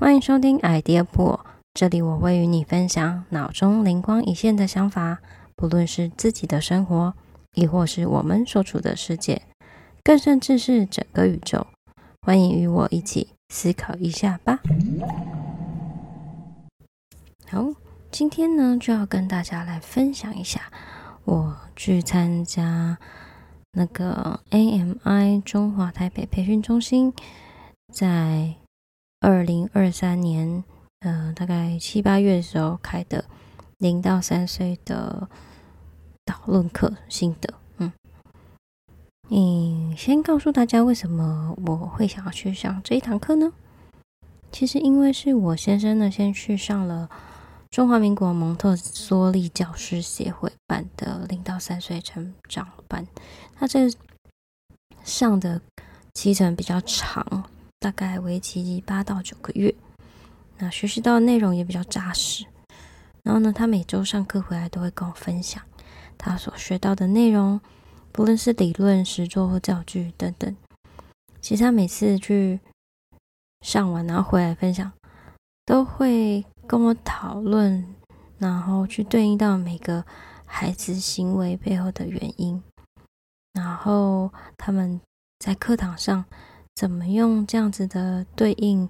歡迎收聽《Idea Board》，這裡我會與你分享腦中靈光一現的想法，不論是自己的生活，亦或是我們所處的世界，更甚至是整個宇宙。歡迎與我一起思考一下吧。好，今天呢，就要跟大家來分享一下，我去參加那個 AMI 中華台北培訓中心在二零二三年，嗯、呃，大概七八月的時候開的零到三歲的導論課心得嗯，嗯，先告訴大家為什麼我會想要去上這一堂課呢？其實因為是我先生呢，先去上了中華民國蒙特梭利教師協會辦的零到三歲成長班，他這上的期程比較長。大概為期八到九個月，那學習到的內容也比較紮實。然後呢，他每週上課回來都會跟我分享他所學到的內容，不論是理論、實作或教具等等。其實他每次去上完，然後回來分享，都會跟我討論，然後去對應到每個孩子行為背後的原因。然後他們在課堂上，怎麼用這樣子的對應，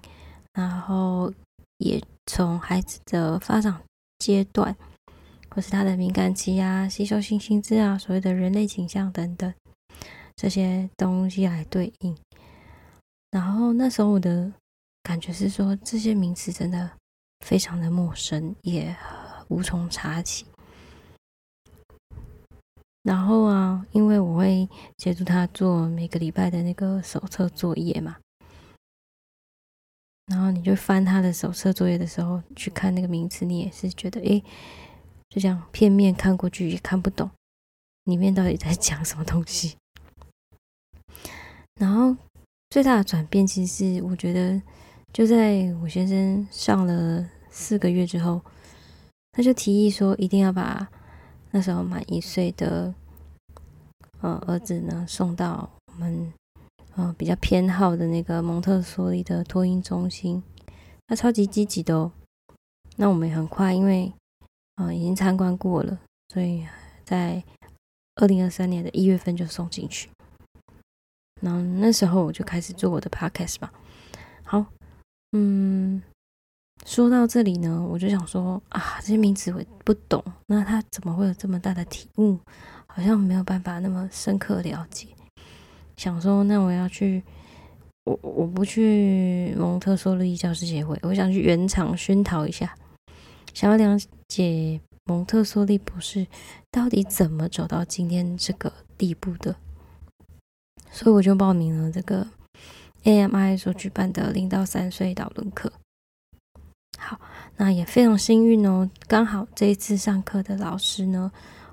然後也從孩子的發展階段，或是他的敏感期啊、吸收性心智啊、所謂的人類傾向等等這些東西來對應。然後那時候我的感覺是說，這些名詞真的非常的陌生，也無從查起。然後啊，因為我會協助他做每個禮拜的那個手冊作業嘛，然後你就翻他的手冊作業的時候，去看那個名詞，你也是覺得，哎，就這樣片面看過去也看不懂，裡面到底在講什麼東西。然後最大的轉變，其實是我覺得就在我先生上了四個月之後，他就提議說，一定要把那時候滿一歲的。嗯，兒子呢送到我們，嗯、呃，比較偏好的那個蒙特梭利的托嬰中心，他超級積極的哦。那我們也很快，因為嗯、呃，已經參觀過了，所以在二零二三年的一月份就送進去。那那時候我就開始做我的 podcast 吧。好，嗯。說到這裡呢，我就想說啊，這些名詞我不懂，那他怎麼會有這麼大的體悟，好像沒有辦法那麼深刻了解。想說，那我要去，我我不去蒙特梭利教師協會，我想去原廠熏陶一下，想要了解蒙特梭利博士到底怎麼走到今天這個地步的。所以我就報名了這個 AMI 所舉辦的零到三歲導論課。好，那也非常幸運哦。剛好這一次上課的老師呢，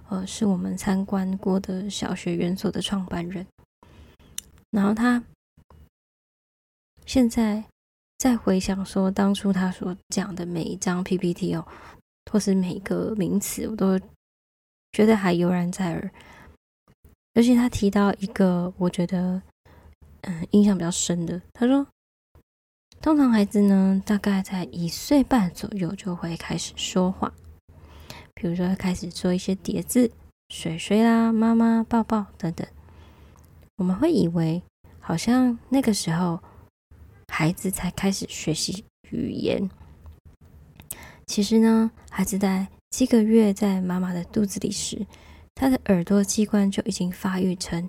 呃，是我們參觀過的小學園所的創辦人。然後他現在再回想說，當初他所講的每一張 PPT 哦，或是每一個名詞，我都覺得還悠然在耳。尤其他提到一個，我覺得嗯印象比較深的，他說。通常孩子呢，大概在一歲半左右就會開始說話，比如說開始做一些疊字“水水”啦、媽媽“媽媽抱抱”等等。我們會以為好像那個時候孩子才開始學習語言，其實呢，孩子在七個月在媽媽的肚子裡時，他的耳朵器官就已經發育成、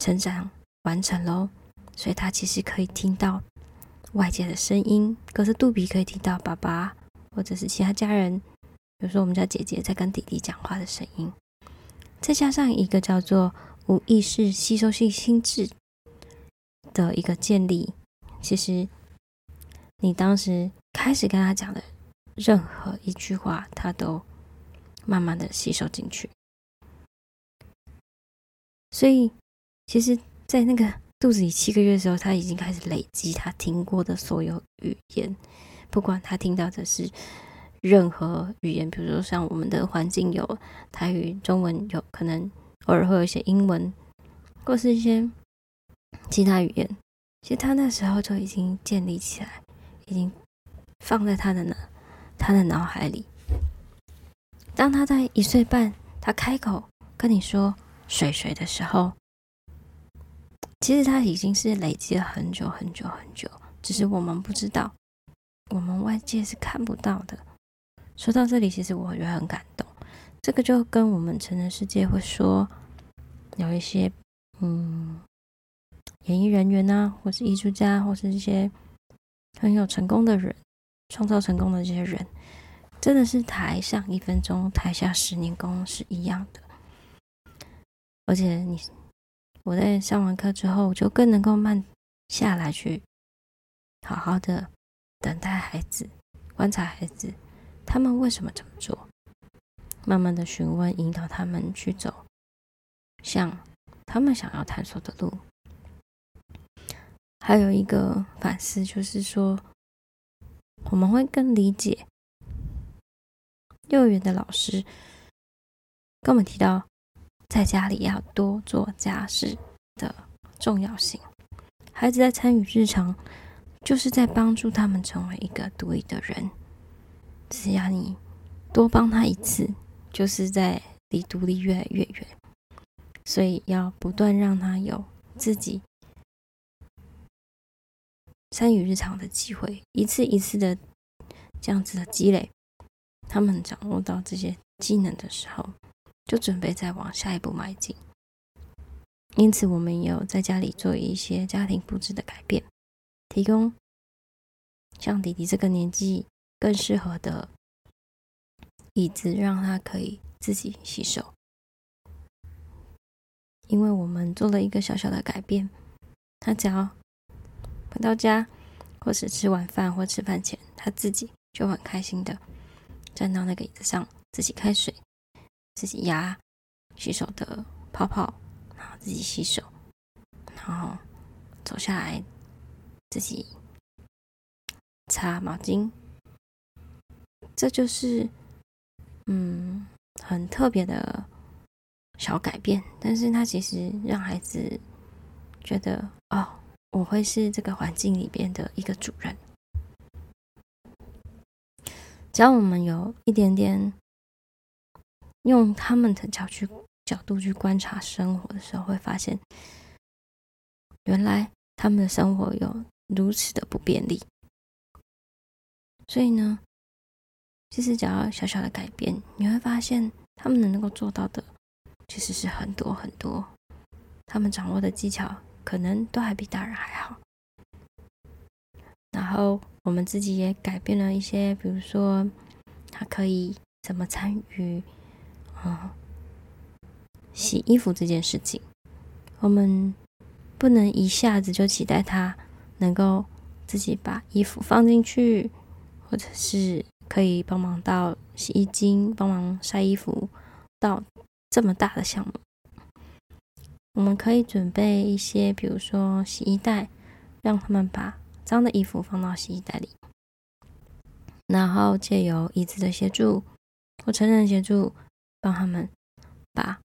成長完成嘍，所以他其實可以聽到外界的聲音，隔着肚皮可以聽到爸爸或者是其他家人，比如說我們家姐姐在跟弟弟講話的聲音，再加上一個叫做無意識吸收性心智的一個建立，其實你當時開始跟他講的任何一句話，他都慢慢的吸收進去，所以其實，在那個。肚子裡七個月的時候，他已經開始累積他聽過的所有語言，不管他聽到的是任何語言，比如說像我們的環境有台語、中文有，有可能偶爾會有一些英文，或是一些其他語言。其實他那時候就已經建立起來，已經放在他的腦、他的腦海裡。當他在一歲半，他開口跟你說“水水”的時候。其實它已經是累積了很久很久很久，只是我們不知道，我們外界是看不到的。說到這裡，其實我覺得很感動。這個就跟我們成人世界會說，有一些嗯，演藝人員吶、啊，或是藝術家，或是一些很有成功的人，創造成功的這些人，真的是台上一分鐘，台下十年功是一樣的。而且你。我在上完課之後，就更能夠慢下來去，去好好的等待孩子，觀察孩子，他們為什麼這麼做，慢慢的詢問、引導他們去走向他們想要探索的路。還有一個反思就是說，我們會更理解幼兒園的老師跟我們提到。在家裡要多做家事的重要性，孩子在參與日常，就是在幫助他們成為一個獨立的人。只要你多幫他一次，就是在離獨立越來越遠。所以要不斷讓他有自己參與日常的機會，一次一次的這樣子的積累，他們掌握到這些技能的時候。就準備再往下一步邁進，因此我們也有在家裡做一些家庭布置的改變，提供像弟弟這個年紀更適合的椅子，讓他可以自己洗手。因為我們做了一個小小的改變，他只要回到家，或是吃晚飯或吃飯前，他自己就很開心的站到那個椅子上，自己開水。自己壓洗手的泡泡，然後自己洗手，然後走下來自己擦毛巾。這就是嗯，很特別的小改變，但是它其實讓孩子覺得哦，我會是這個環境裡邊的一個主人。只要我們有一點點。用他們的角去角度去觀察生活的時候，會發現，原來他們的生活有如此的不便利。所以呢，其實只要小小的改變，你會發現他們能夠做到的其實是很多很多。他們掌握的技巧可能都還比大人還好。然後我們自己也改變了一些，比如說他可以怎麼參與。嗯，洗衣服這件事情，我們不能一下子就期待他能夠自己把衣服放進去，或者是可以幫忙到洗衣機，幫忙曬衣服到這麼大的項目。我們可以準備一些，比如說洗衣袋，讓他們把髒的衣服放到洗衣袋裡，然後借由椅子的協助或成人協助。幫他們把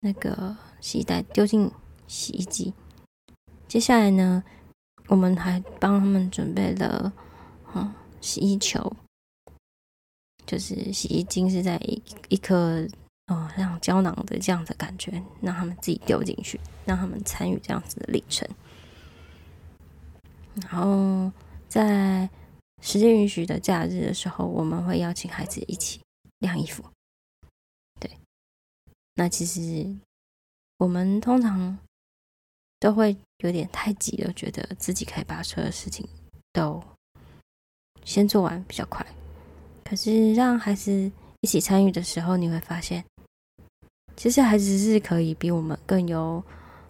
那個洗衣袋丟進洗衣機。接下來呢，我們還幫他們準備了嗯洗衣球，就是洗衣精是在一一顆哦，像膠囊的這樣的感覺，讓他們自己丟進去，讓他們參與這樣子的歷程。然後在時間允許的假日的時候，我們會邀請孩子一起。晾衣服，對，那其實我們通常都會有點太急了，覺得自己可以把所有的事情都先做完比較快。可是讓孩子一起參與的時候，你會發現，其實孩子是可以比我們更有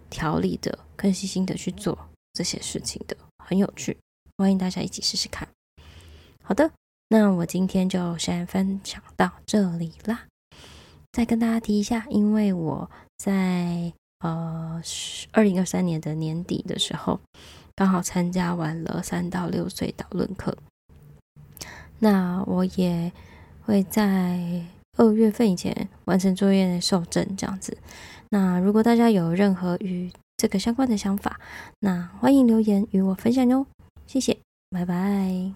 條理的、更細心的去做這些事情的，很有趣。歡迎大家一起試試看。好的。那我今天就先分享到這裡啦。再跟大家提一下，因為我在呃二零二三年的年底的時候，剛好參加完了三到六歲導論課。那我也會在二月份以前完成作業的受證這樣子。那如果大家有任何與這個相關的想法，那歡迎留言與我分享喲。謝謝，拜拜。